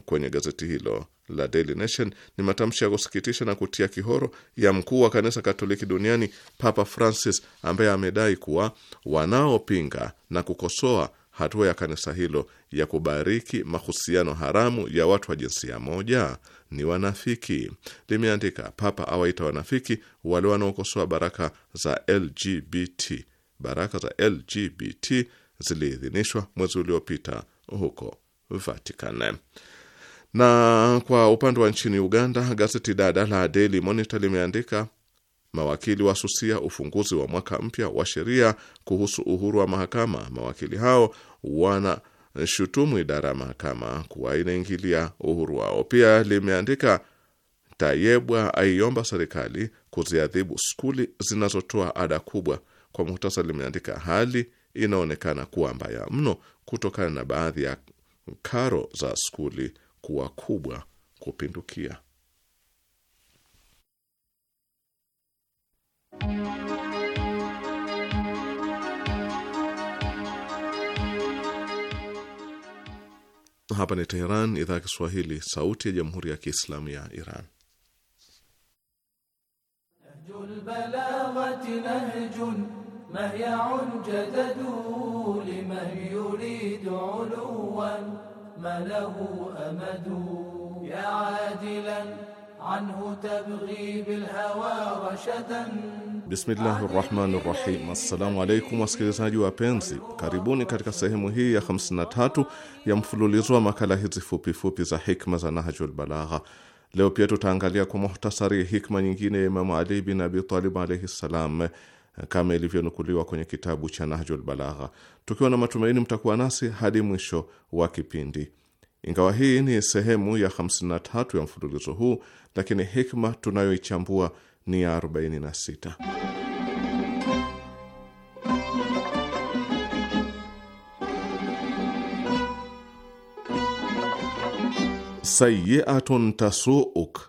kwenye gazeti hilo la Daily Nation ni matamshi ya kusikitisha na kutia kihoro ya mkuu wa kanisa Katoliki duniani Papa Francis ambaye amedai kuwa wanaopinga na kukosoa hatua ya kanisa hilo ya kubariki mahusiano haramu ya watu wa jinsia moja ni wanafiki. Limeandika, Papa awaita wanafiki wale wanaokosoa baraka za LGBT. Baraka za LGBT ziliidhinishwa mwezi uliopita huko Vatican. Na kwa upande wa nchini Uganda, gazeti dada la Daily Monitor limeandika Mawakili wasusia ufunguzi wa mwaka mpya wa sheria kuhusu uhuru wa mahakama. Mawakili hao wana shutumu idara ya mahakama kuwa inaingilia uhuru wao. Pia limeandika Tayebwa aiomba serikali kuziadhibu skuli zinazotoa ada kubwa. Kwa muhtasa, limeandika hali inaonekana kuwa mbaya mno kutokana na baadhi ya karo za skuli kuwa kubwa kupindukia. Hapa ni Teheran, idhaa ya Kiswahili, sauti ya jamhuri ya kiislamu ya Iran. عنه تبغي بالهوى رشدا Bismillahi rahmani rahim. Assalamu alaikum wasikilizaji wapenzi, karibuni katika sehemu hii ya 53 ya mfululizo wa makala hizi fupifupi za hikma za Nahjul Balagha. Leo pia tutaangalia kwa muhtasari hikma nyingine ya Imamu Ali bin Abi Talib alaihi ssalam, kama ilivyonukuliwa kwenye kitabu cha Nahjul Balagha, tukiwa na matumaini mtakuwa nasi hadi mwisho wa kipindi. Ingawa hii ni sehemu ya 53 ya mfululizo huu, lakini hikma tunayoichambua ni ya 46. Sayiatun tasuuk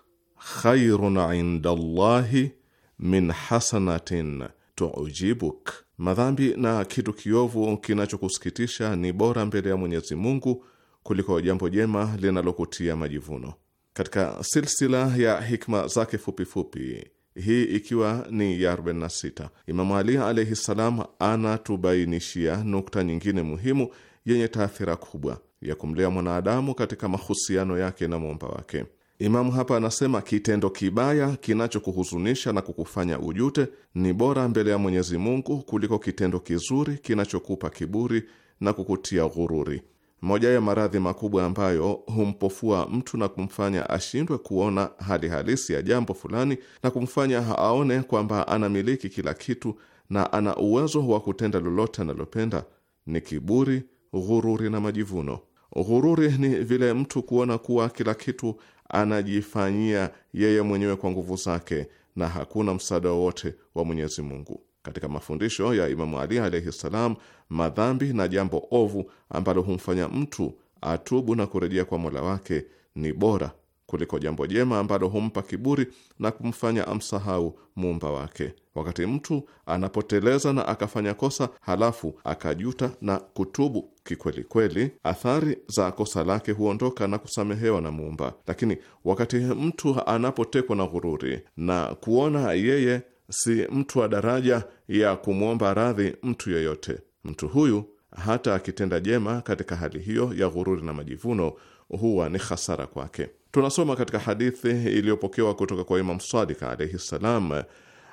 khairun inda llahi min hasanatin tuujibuk, madhambi na kitu kiovu kinachokusikitisha ni bora mbele ya Mwenyezi Mungu kuliko jambo jema linalokutia majivuno. Katika silsila ya hikma zake fupifupi hii ikiwa ni ya 46 Imamu Ali alaihi ssalam anatubainishia nukta nyingine muhimu yenye taathira kubwa ya kumlea mwanadamu katika mahusiano yake na muumba wake. Imamu hapa anasema kitendo kibaya kinachokuhuzunisha na kukufanya ujute ni bora mbele ya Mwenyezi Mungu kuliko kitendo kizuri kinachokupa kiburi na kukutia ghururi moja ya maradhi makubwa ambayo humpofua mtu na kumfanya ashindwe kuona hali halisi ya jambo fulani na kumfanya aone kwamba anamiliki kila kitu na ana uwezo wa kutenda lolote analopenda ni kiburi, ghururi na majivuno. Ghururi ni vile mtu kuona kuwa kila kitu anajifanyia yeye mwenyewe kwa nguvu zake na hakuna msaada wowote wa Mwenyezi Mungu. Katika mafundisho ya Imamu Ali alaihi ssalam, madhambi na jambo ovu ambalo humfanya mtu atubu na kurejea kwa mola wake ni bora kuliko jambo jema ambalo humpa kiburi na kumfanya amsahau muumba wake. Wakati mtu anapoteleza na akafanya kosa halafu akajuta na kutubu kikwelikweli athari za kosa lake huondoka na kusamehewa na Muumba. Lakini wakati mtu anapotekwa na ghururi na kuona yeye si mtu wa daraja ya kumwomba radhi mtu yoyote. Mtu huyu hata akitenda jema katika hali hiyo ya ghururi na majivuno huwa ni khasara kwake. Tunasoma katika hadithi iliyopokewa kutoka kwa Imam Sadik alaihi ssalam,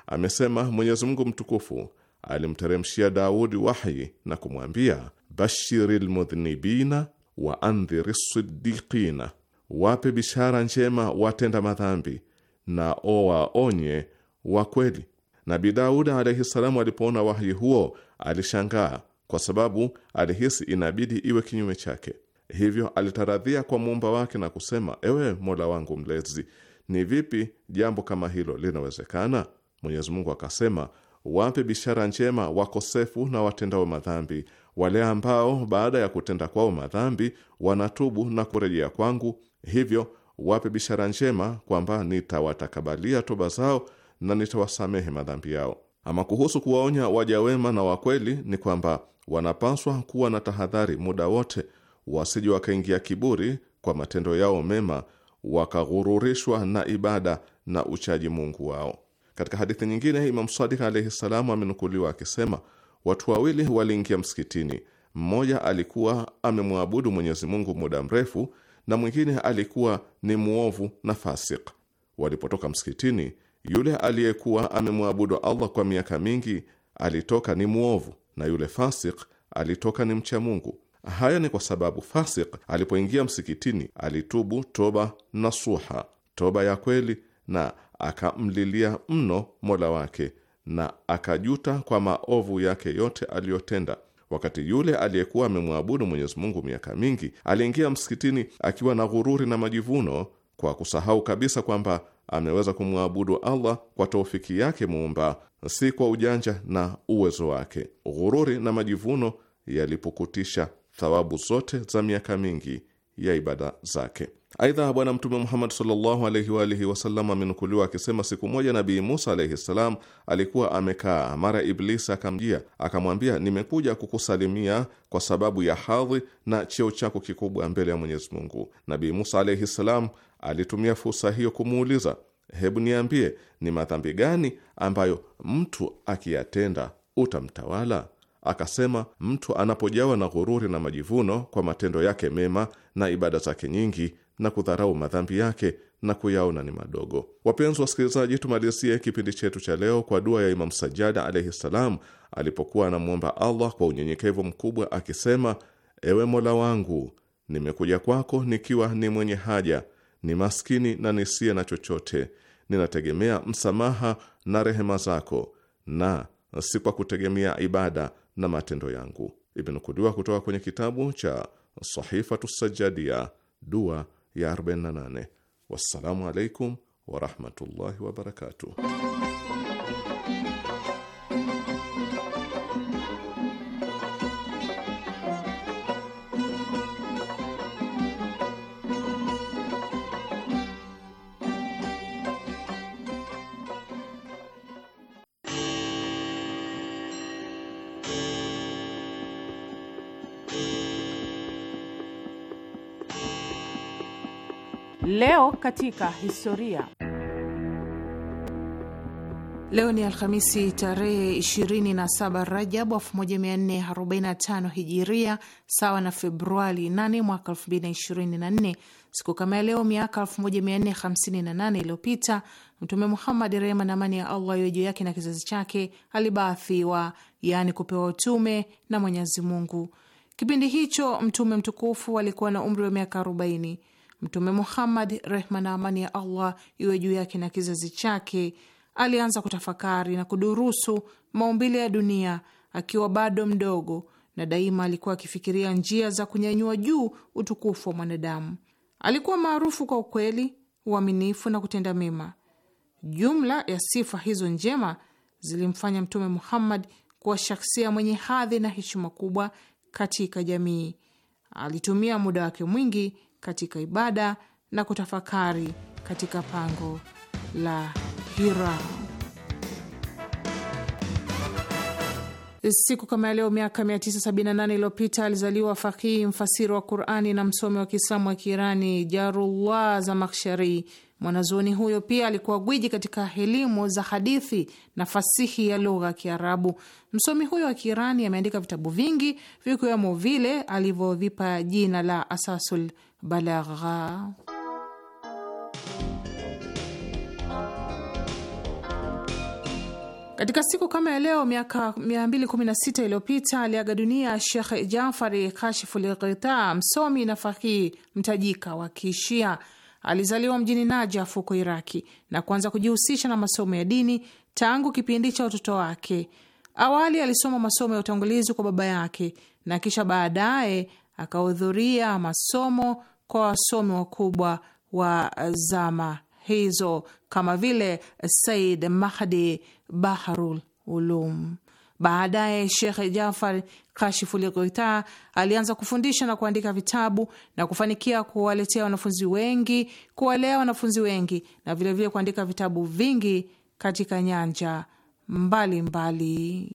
amesema Mwenyezi Mungu mtukufu alimteremshia Daudi wahyi na kumwambia, bashiri lmudhnibina wa andhiri sidiqina, wape bishara njema watenda madhambi na owaonye wa kweli. Nabii Dauda alaihi salamu alipoona wahyi huo alishangaa, kwa sababu alihisi inabidi iwe kinyume chake. Hivyo alitaradhia kwa muumba wake na kusema, ewe Mola wangu mlezi, ni vipi jambo kama hilo linawezekana? Mwenyezi Mungu akasema, wape bishara njema wakosefu na watendao madhambi, wale ambao baada ya kutenda kwao madhambi wanatubu na kurejea kwangu, hivyo wape bishara njema kwamba nitawatakabalia toba zao na nitawasamehe madhambi yao. Ama kuhusu kuwaonya waja wema na wakweli, ni kwamba wanapaswa kuwa na tahadhari muda wote, wasije wakaingia kiburi kwa matendo yao mema, wakaghururishwa na ibada na uchaji Mungu wao. Katika hadithi nyingine, Imam Sadik alaihi salamu amenukuliwa akisema, watu wawili waliingia msikitini, mmoja alikuwa amemwabudu Mwenyezi Mungu muda mrefu na mwingine alikuwa ni mwovu na fasik. Walipotoka msikitini yule aliyekuwa amemwabudu Allah kwa miaka mingi alitoka ni mwovu, na yule fasik alitoka ni mcha Mungu. Haya ni kwa sababu fasik alipoingia msikitini alitubu toba nasuha, toba ya kweli, na akamlilia mno Mola wake na akajuta kwa maovu yake yote aliyotenda. Wakati yule aliyekuwa amemwabudu Mwenyezi Mungu miaka mingi aliingia msikitini akiwa na ghururi na majivuno, kwa kusahau kabisa kwamba ameweza kumwabudu Allah kwa taufiki yake Muumba, si kwa ujanja na uwezo wake. Ghururi na majivuno yalipukutisha thawabu zote za miaka mingi ya ibada zake. Aidha, Bwana Mtume Muhammad sallallahu alaihi wa alihi wasallam amenukuliwa akisema, siku moja Nabii Musa alaihi ssalam alikuwa amekaa, mara Iblisi akamjia akamwambia, nimekuja kukusalimia kwa sababu ya hadhi na cheo chako kikubwa mbele ya Mwenyezi Mungu. Nabii Musa alaihi ssalam alitumia fursa hiyo kumuuliza, hebu niambie, ni madhambi gani ambayo mtu akiyatenda utamtawala? Akasema, mtu anapojawa na ghururi na majivuno kwa matendo yake mema na ibada zake nyingi na kudharau madhambi yake na kuyaona ni madogo. Wapenzi wasikilizaji, tumalizie kipindi chetu cha leo kwa dua ya Imam Sajjada alaihi ssalam, alipokuwa anamwomba Allah kwa unyenyekevu mkubwa akisema: ewe Mola wangu, nimekuja kwako nikiwa ni mwenye haja ni maskini na nisiye na chochote, ninategemea msamaha na rehema zako, na si kwa kutegemea ibada na matendo yangu. Imenukuliwa kutoka kwenye kitabu cha Sahifatu Sajadia, dua ya 48. Wassalamu alaikum warahmatullahi wabarakatuh. Leo katika historia. Leo ni Alhamisi tarehe 27 Rajab 1445 Hijiria, sawa na Februari 8 mwaka 2024. Siku kama ya leo miaka 1458 iliyopita Mtume Muhammad, rehma na amani ya Allah iwe juu yake na kizazi chake, alibaathiwa, yaani kupewa utume na Mwenyezi Mungu. Kipindi hicho Mtume mtukufu alikuwa na umri wa miaka 40. Mtume Muhammad, rehma na amani ya Allah iwe juu yake na kizazi chake, alianza kutafakari na kudurusu maumbile ya dunia akiwa bado mdogo, na daima alikuwa akifikiria njia za kunyanyua juu utukufu wa mwanadamu. Alikuwa maarufu kwa ukweli, uaminifu na kutenda mema. Jumla ya sifa hizo njema zilimfanya Mtume Muhammad kuwa shaksia mwenye hadhi na heshima kubwa katika jamii. Alitumia muda wake mwingi katika ibada na kutafakari katika pango la Hira. Siku kama leo miaka 978 iliyopita alizaliwa fakihi mfasiri wa Qurani na msomi wa Kiislamu wa Kiirani Jarullah Zamakhshari. Mwanazuoni huyo pia alikuwa gwiji katika elimu za hadithi na fasihi ya lugha ya Kiarabu. Msomi huyo wa Kiirani ameandika vitabu vingi vikiwemo vile alivyovipa jina la Asasul balagha Katika siku kama ya leo miaka 216 iliyopita aliaga dunia Shekh Jafari Kashiful Ghita, msomi na fakihi mtajika wa Kiishia. Alizaliwa mjini Najaf huko Iraki na kuanza kujihusisha na masomo ya dini tangu kipindi cha utoto wake. Awali alisoma masomo ya utangulizi kwa baba yake na kisha baadaye akahudhuria masomo kwa wasomi wakubwa wa zama hizo kama vile Said Mahdi Baharul Ulum. Baadaye Shekh Jafar Kashiful Ghita alianza kufundisha na kuandika vitabu na kufanikia kuwaletea wanafunzi wengi, kuwalea wanafunzi wengi na vilevile vile kuandika vitabu vingi katika nyanja mbalimbali mbali.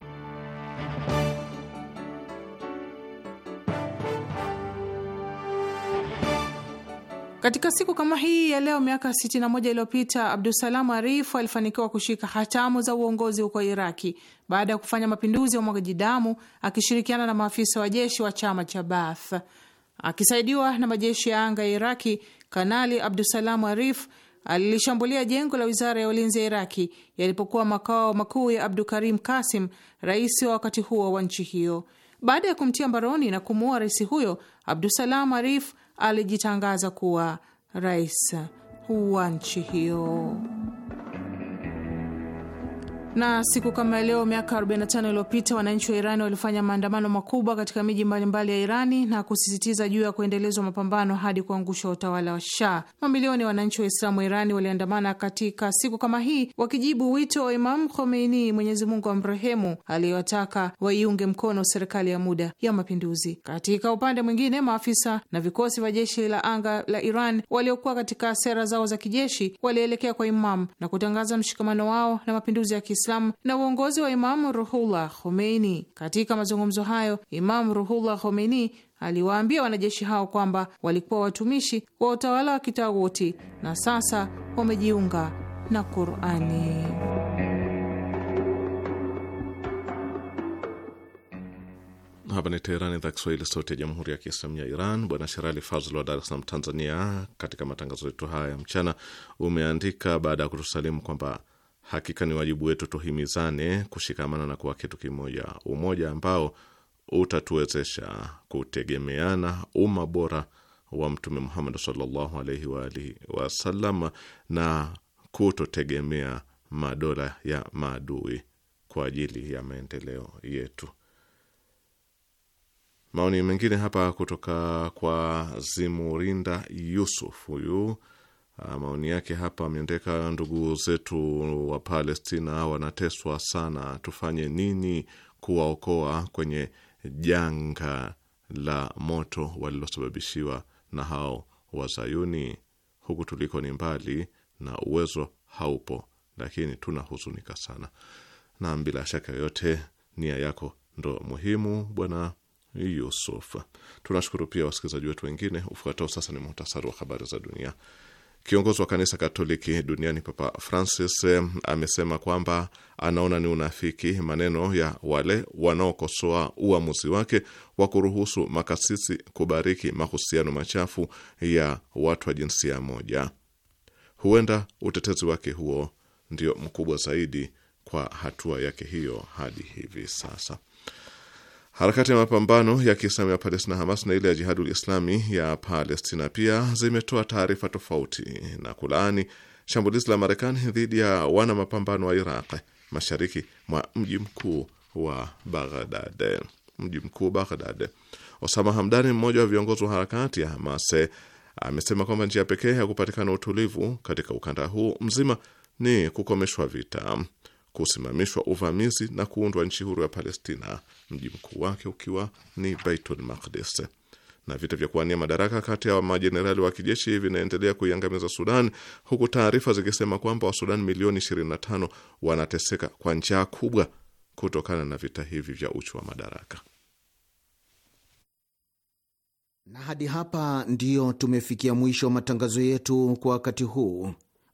Katika siku kama hii ya leo miaka 61 iliyopita Abdusalam Arifu alifanikiwa kushika hatamu za uongozi huko Iraki baada ya kufanya mapinduzi ya umwagaji damu akishirikiana na maafisa wa jeshi wa chama cha Baath. Akisaidiwa na majeshi ya anga ya Iraki, Kanali Abdusalamu Arif alilishambulia jengo la wizara ya ulinzi ya Iraki yalipokuwa makao makuu ya Abdu Karim Kasim, rais wa wakati huo wa nchi hiyo. Baada ya kumtia mbaroni na kumuua rais huyo, Abdusalam Arif alijitangaza kuwa rais wa nchi hiyo. Na siku kama leo miaka 45 iliyopita wananchi wa Irani walifanya maandamano makubwa katika miji mbalimbali ya Irani na kusisitiza juu ya kuendelezwa mapambano hadi kuangusha utawala wa Shah. Mamilioni ya wananchi wa Islamu wa Irani waliandamana katika siku kama hii wakijibu wito wa Imam Khomeini, Mwenyezi Mungu amrehemu, aliyewataka waiunge mkono serikali ya muda ya mapinduzi. Katika upande mwingine, maafisa na vikosi vya jeshi la anga la Iran waliokuwa katika sera zao za kijeshi walielekea kwa Imam na kutangaza mshikamano wao na mapinduzi ya kisa. Kiislamu na uongozi wa Imamu Ruhullah Khomeini. Katika mazungumzo hayo, Imamu Ruhullah Khomeini aliwaambia wanajeshi hao kwamba walikuwa watumishi wa utawala wa kitawuti na sasa wamejiunga na Qurani. Hapa ni Teherani, idhaa Kiswahili, sauti ya jamhuri ya kiislamu ya Iran. Bwana Sherali Fazl wa Dar es Salaam, Tanzania, katika matangazo yetu haya ya mchana umeandika baada ya kutusalimu kwamba Hakika ni wajibu wetu tuhimizane kushikamana na kuwa kitu kimoja, umoja ambao utatuwezesha kutegemeana, umma bora wa Mtume Muhammad sallallahu alaihi wa alihi wasallam, na kutotegemea madola ya maadui kwa ajili ya maendeleo yetu. Maoni mengine hapa kutoka kwa Zimurinda Yusuf, huyu Ah, maoni yake hapa ameandika, ndugu zetu wa Palestina wanateswa sana, tufanye nini kuwaokoa kwenye janga la moto walilosababishiwa na hao Wazayuni? Huku tuliko ni mbali na uwezo haupo, lakini tunahuzunika sana. Na bila shaka yoyote nia yako ndo muhimu, bwana Yusuf. Tunashukuru pia wasikilizaji wetu wengine. Ufuatao sasa ni muhtasari wa habari za dunia. Kiongozi wa kanisa Katoliki duniani Papa Francis eh, amesema kwamba anaona ni unafiki maneno ya wale wanaokosoa uamuzi wake wa kuruhusu makasisi kubariki mahusiano machafu ya watu wa jinsia moja. Huenda utetezi wake huo ndio mkubwa zaidi kwa hatua yake hiyo hadi hivi sasa. Harakati ya mapambano ya Kiislamu ya Palestina Hamas na ile ya Jihadul Islami ya Palestina pia zimetoa taarifa tofauti na kulaani shambulizi la Marekani dhidi ya wana mapambano wa Iraq mashariki mwa mji mkuu wa Baghdad. Mji mkuu Baghdad. Osama Hamdani, mmoja wa viongozi wa harakati ya Hamas, amesema kwamba njia pekee ya kupatikana utulivu katika ukanda huu mzima ni kukomeshwa vita kusimamishwa uvamizi na kuundwa nchi huru ya Palestina, mji mkuu wake ukiwa ni Baitul Maqdis. Na vita vya kuwania madaraka kati ya majenerali wa kijeshi vinaendelea kuiangamiza Sudan, huku taarifa zikisema kwamba Wasudan milioni 25 wanateseka kwa njaa kubwa kutokana na vita hivi vya uchu wa madaraka. Na hadi hapa ndiyo tumefikia mwisho wa matangazo yetu kwa wakati huu.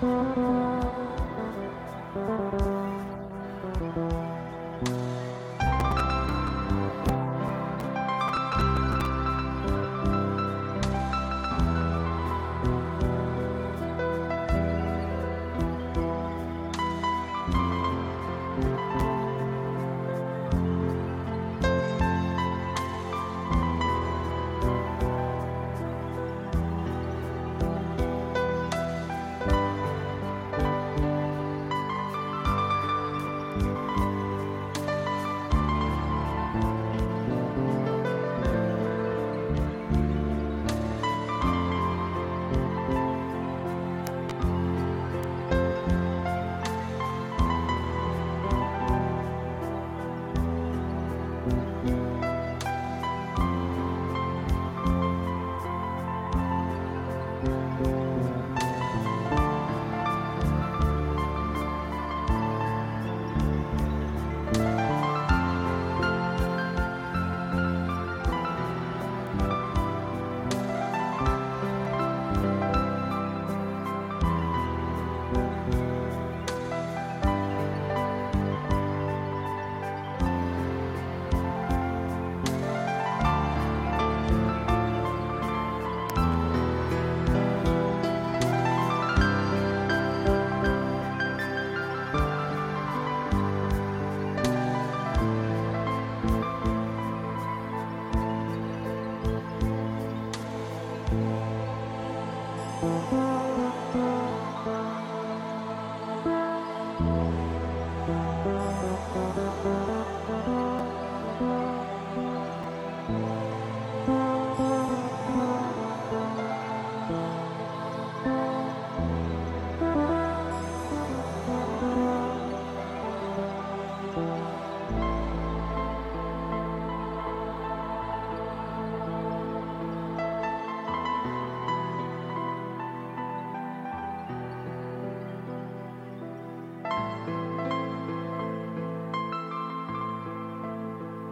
Thank you.